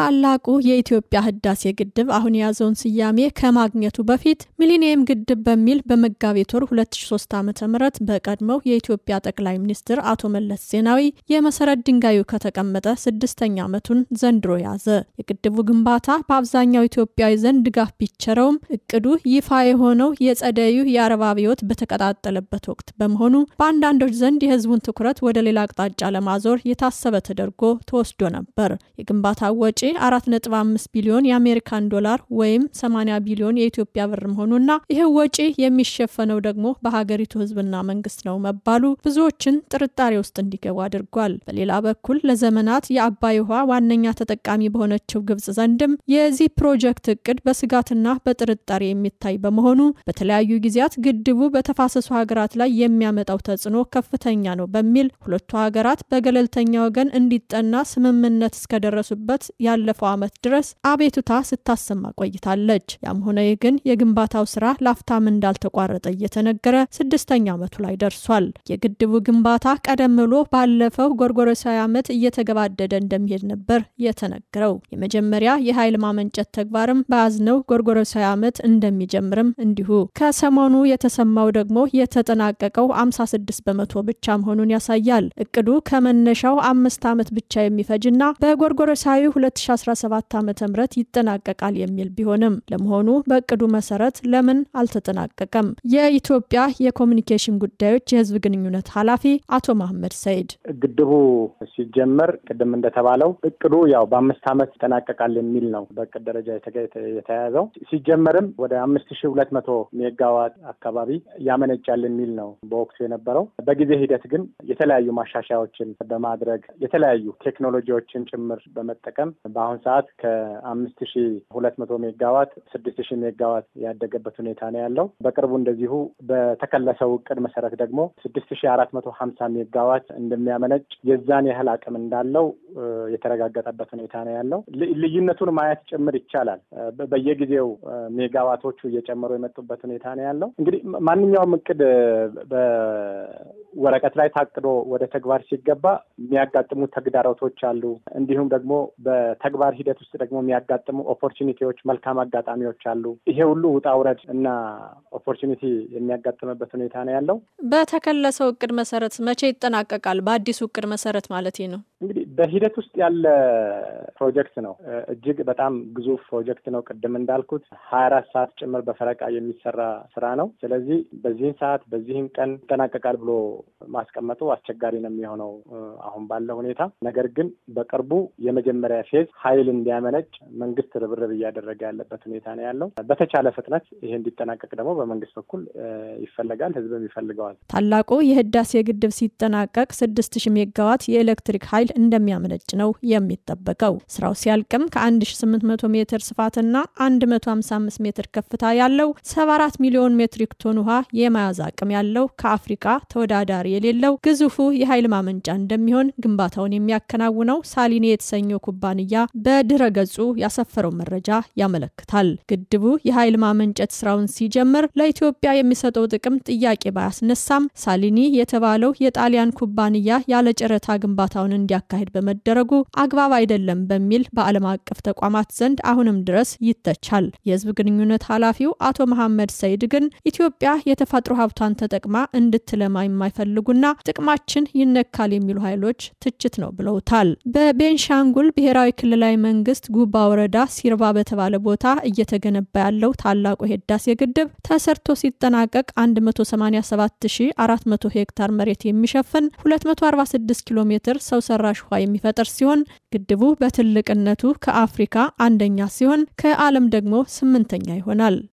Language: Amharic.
ታላቁ የኢትዮጵያ ህዳሴ ግድብ አሁን የያዘውን ስያሜ ከማግኘቱ በፊት ሚሊኒየም ግድብ በሚል በመጋቢት ወር 2003 ዓ ም በቀድሞው የኢትዮጵያ ጠቅላይ ሚኒስትር አቶ መለስ ዜናዊ የመሰረት ድንጋዩ ከተቀመጠ ስድስተኛ ዓመቱን ዘንድሮ ያዘ። የግድቡ ግንባታ በአብዛኛው ኢትዮጵያዊ ዘንድ ድጋፍ ቢቸረውም እቅዱ ይፋ የሆነው የጸደዩ የአረብ አብዮት በተቀጣጠለበት ወቅት በመሆኑ በአንዳንዶች ዘንድ የህዝቡን ትኩረት ወደ ሌላ አቅጣጫ ለማዞር የታሰበ ተደርጎ ተወስዶ ነበር። የግንባታ ወጪ 4.5 ቢሊዮን የአሜሪካን ዶላር ወይም 80 ቢሊዮን የኢትዮጵያ ብር መሆኑና ይህው ወጪ የሚሸፈነው ደግሞ በሀገሪቱ ህዝብና መንግስት ነው መባሉ ብዙዎችን ጥርጣሬ ውስጥ እንዲገቡ አድርጓል። በሌላ በኩል ለዘመናት የአባይ ውሃ ዋነኛ ተጠቃሚ በሆነችው ግብጽ ዘንድም የዚህ ፕሮጀክት እቅድ በስጋትና በጥርጣሬ የሚታይ በመሆኑ በተለያዩ ጊዜያት ግድቡ በተፋሰሱ ሀገራት ላይ የሚያመጣው ተጽዕኖ ከፍተኛ ነው በሚል ሁለቱ ሀገራት በገለልተኛ ወገን እንዲጠና ስምምነት እስከደረሱበት ያለ እስካለፈው ዓመት ድረስ አቤቱታ ስታሰማ ቆይታለች። ያም ሆነ ግን የግንባታው ስራ ላፍታም እንዳልተቋረጠ እየተነገረ ስድስተኛ ዓመቱ ላይ ደርሷል። የግድቡ ግንባታ ቀደም ብሎ ባለፈው ጎርጎረሳዊ ዓመት እየተገባደደ እንደሚሄድ ነበር የተነገረው። የመጀመሪያ የኃይል ማመንጨት ተግባርም በያዝነው ጎርጎረሳዊ ዓመት እንደሚጀምርም እንዲሁ። ከሰሞኑ የተሰማው ደግሞ የተጠናቀቀው 56 በመቶ ብቻ መሆኑን ያሳያል። እቅዱ ከመነሻው አምስት ዓመት ብቻ የሚፈጅና በጎርጎረሳዊ 2017 ዓ ም ይጠናቀቃል የሚል ቢሆንም ለመሆኑ በእቅዱ መሰረት ለምን አልተጠናቀቀም? የኢትዮጵያ የኮሚኒኬሽን ጉዳዮች የህዝብ ግንኙነት ኃላፊ አቶ መሀመድ ሰይድ ግድቡ ሲጀመር ቅድም እንደተባለው እቅዱ ያው በአምስት ዓመት ይጠናቀቃል የሚል ነው በእቅድ ደረጃ የተያያዘው። ሲጀመርም ወደ አምስት ሺ ሁለት መቶ ሜጋዋት አካባቢ ያመነጫል የሚል ነው በወቅቱ የነበረው። በጊዜ ሂደት ግን የተለያዩ ማሻሻያዎችን በማድረግ የተለያዩ ቴክኖሎጂዎችን ጭምር በመጠቀም በአሁን ሰዓት ከአምስት ሺ ሁለት መቶ ሜጋዋት ስድስት ሺ ሜጋዋት ያደገበት ሁኔታ ነው ያለው። በቅርቡ እንደዚሁ በተከለሰው እቅድ መሰረት ደግሞ ስድስት ሺ አራት መቶ ሀምሳ ሜጋዋት እንደሚያመነጭ የዛን ያህል አቅም እንዳለው የተረጋገጠበት ሁኔታ ነው ያለው። ልዩነቱን ማየት ጭምር ይቻላል። በየጊዜው ሜጋዋቶቹ እየጨመሩ የመጡበት ሁኔታ ነው ያለው። እንግዲህ ማንኛውም እቅድ ወረቀት ላይ ታቅዶ ወደ ተግባር ሲገባ የሚያጋጥሙ ተግዳሮቶች አሉ። እንዲሁም ደግሞ በተግባር ሂደት ውስጥ ደግሞ የሚያጋጥሙ ኦፖርቹኒቲዎች፣ መልካም አጋጣሚዎች አሉ። ይሄ ሁሉ ውጣ ውረድ እና ኦፖርቹኒቲ የሚያጋጥምበት ሁኔታ ነው ያለው። በተከለሰው እቅድ መሰረት መቼ ይጠናቀቃል? በአዲሱ እቅድ መሰረት ማለት ነው። እንግዲህ በሂደት ውስጥ ያለ ፕሮጀክት ነው። እጅግ በጣም ግዙፍ ፕሮጀክት ነው። ቅድም እንዳልኩት ሀያ አራት ሰዓት ጭምር በፈረቃ የሚሰራ ስራ ነው። ስለዚህ በዚህን ሰዓት በዚህን ቀን ይጠናቀቃል ብሎ ማስቀመጡ አስቸጋሪ ነው የሚሆነው አሁን ባለው ሁኔታ። ነገር ግን በቅርቡ የመጀመሪያ ፌዝ ኃይል እንዲያመነጭ መንግስት ርብርብ እያደረገ ያለበት ሁኔታ ነው ያለው። በተቻለ ፍጥነት ይሄ እንዲጠናቀቅ ደግሞ በመንግስት በኩል ይፈለጋል፣ ህዝብም ይፈልገዋል። ታላቁ የህዳሴ ግድብ ሲጠናቀቅ ስድስት ሺ ሜጋዋት የኤሌክትሪክ ኃይል እንደ እንደሚያመነጭ ነው የሚጠበቀው። ስራው ሲያልቅም ከ1800 ሜትር ስፋትና 155 ሜትር ከፍታ ያለው 74 ሚሊዮን ሜትሪክ ቶን ውሃ የመያዝ አቅም ያለው ከአፍሪካ ተወዳዳሪ የሌለው ግዙፉ የኃይል ማመንጫ እንደሚሆን ግንባታውን የሚያከናውነው ሳሊኒ የተሰኘው ኩባንያ በድረ ገጹ ያሰፈረው መረጃ ያመለክታል። ግድቡ የኃይል ማመንጨት ስራውን ሲጀምር ለኢትዮጵያ የሚሰጠው ጥቅም ጥያቄ ባያስነሳም ሳሊኒ የተባለው የጣሊያን ኩባንያ ያለ ጨረታ ግንባታውን እንዲያካሂድ እንዲካሄድ በመደረጉ አግባብ አይደለም በሚል በዓለም አቀፍ ተቋማት ዘንድ አሁንም ድረስ ይተቻል። የህዝብ ግንኙነት ኃላፊው አቶ መሐመድ ሰይድ ግን ኢትዮጵያ የተፈጥሮ ሀብቷን ተጠቅማ እንድትለማ የማይፈልጉና ጥቅማችን ይነካል የሚሉ ኃይሎች ትችት ነው ብለውታል። በቤንሻንጉል ብሔራዊ ክልላዊ መንግስት ጉባ ወረዳ ሲርባ በተባለ ቦታ እየተገነባ ያለው ታላቁ የህዳሴ ግድብ ተሰርቶ ሲጠናቀቅ 187400 ሄክታር መሬት የሚሸፍን 246 ኪሎ ሜትር ሰው ሰራሽ ውሃ የሚፈጥር ሲሆን ግድቡ በትልቅነቱ ከአፍሪካ አንደኛ ሲሆን ከዓለም ደግሞ ስምንተኛ ይሆናል።